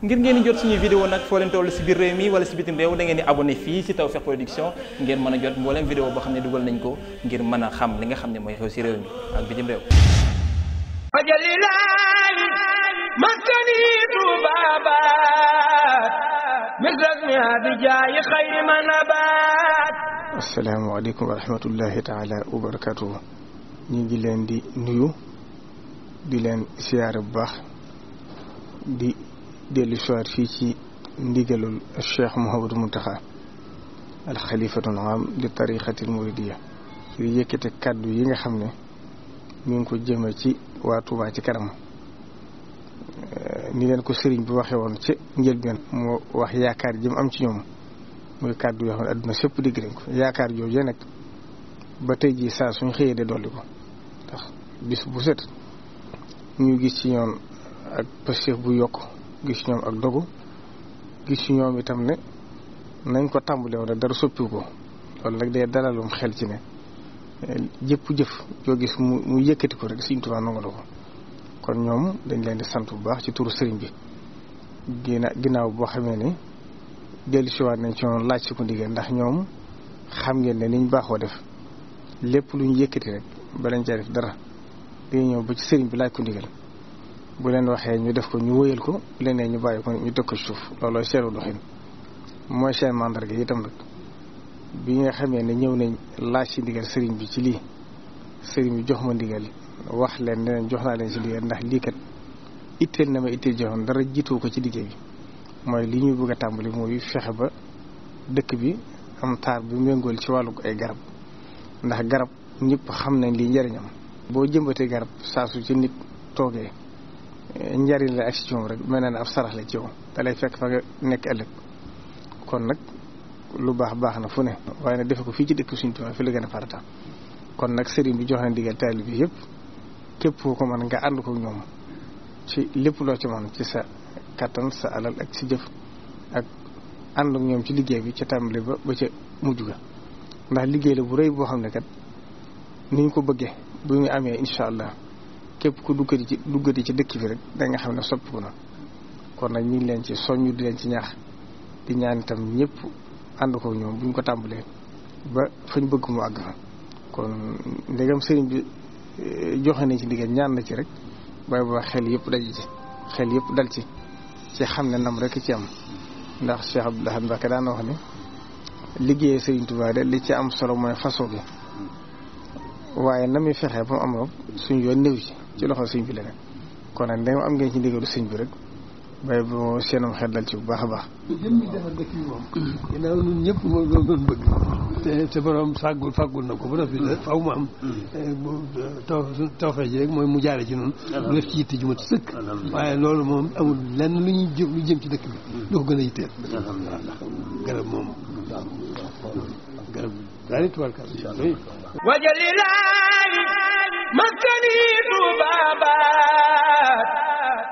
ngir ngeen di jot suñuy vidéo nag foo leen toll si biir réew mi wala si bitim réew da ngeen di abonné fii si Tawfekh Production ngeen mën a jot mbooleem vidéo boo xam ne dugal nañ ko ngir mën a xam li nga xam ne mooy xew si réew mi ak bitim réew ajalilaayi maskanitu baabaat misras mi abijaayi xayri manabaat asalaamaaleykum wa rahmatullahi taala wa barakatuhu ñu ngi leen di nuyu di leen siyaare bu baax dellu siwaat fii ci ndigalul cheikh Mouhamadou Mountakha alxalifatul aam li tariqatil muridiya yu yëkkate kàddu yi nga xam ne mu ngi ko jëme ci waa Touba ci kanam ni leen ko sëriñ bi waxee woon ci njëlbeen moo wax yaakaar ji am ci ñoom muy kàddu yoo xam ne adduna sëpp dégg nañ ko yaakaar jooju nag ba tey ji saa suñ xëyee de dolli ko bis bu set ñu gis ci ñoom ak pëstéef bu yokk gis ñoom ak dogu gis ñoom itam ne nañ ko tàmbalee woon dara soppiwu ko loolu nag day dalalum xel ci ne jëpp jëf joo gis mu mu yëkkati ko rek Sëriñ Tuubaa nangu na ko kon ñoom dañ leen di sant bu baax ci turu sëriñ bi gina ginnaaw boo xamee ni dellu siwaat nañ ci noonu laaj si ko ndigal ndax ñoom xam ngeen ne niñ baaxoo def lépp lu ñu yëkkati rek lañ caa def dara dañuy ñëw ba ci sëriñ bi laaj ko ndigal bu leen waxee ñu def ko ñu wóyal ko bu leen ñu bàyyi ko ñu teg ko suuf looloo seeru doxin mooy seen mandarga itam nag bi nga xamee ne ñëw nañ laaj ci ndigal sëriñ bi ci lii sëriñ bi jox ma ndigal wax leen jox naa leen ci ndigal ndax lii kat itteel na ma itteel joxoon dara jiitu ko ci liggéey bi mooy li ñuy bëgg a tàmbali muy fexe ba dëkk bi am taar bi méngool ci wàllu ay garab ndax garab ñëpp xam nañ li njëriñam boo jëmbatee garab saa su ci nit toogee njariñ la ak si coom rek mel na ne ab sarax la ci yow da lay fekk fa nga nekk ëllëg kon nag lu baax baax na fu ne waaye nag defe ko fii ci dëkk suñu tubaab fi la gën a farata kon nag sëriñ bi jox na ndigal taalib bi yëpp képp koo ko mën nga ànd ko ñoom ci lépp loo ci mën ci sa kàttan sa alal ak si jëf ak ànd ak ñoom ci liggéey bi ca tàmbali ba ba ca mujj ga ndax liggéey la bu rëy boo xam ne kat ni ñu ko bëggee bu ñu amee incha allah képp ku duggati ci duggati ci dëkk bi rek da nga xam ne soppiku na kon nag ñu leen ci soññu di leen ci ñax di ñaan itam ñëpp ànd ko ñoom bu ko tàmbalee ba fañ bëgg mu àgg fa kon ndegam sëriñ bi eh, joxe nañ ci ndigal ñaan na ci rek bay ba xel yëpp daj ci xel yëpp dal ci ci xam ne nam rek ci am ndax Cheikh Abdoulaye Mbacké daan na wax ne liggéeyee sëriñ Tuubaa de li ci am solo mooy façon bi waaye na muy fexe ba mu am suñ yoon néew ci ci loxo sëñ bi la ne kon nag am ngeen ci ndigalu sëñ bi rek bay boo seenum xel ci bu baax a baax. jëm yi defar dëkk moom. ginnaaw ñun te te borom fàggul fàggul na ko ba noppi faaw mu am. Mm. Eh, mooy mu jaare ci noonu. mu def ci yitte ju mat sëkk. waaye loolu moom amul lenn lu ñuy ci dëkk bi. du mm. ko gën a yitteel. alhamdulilah garab moom. garab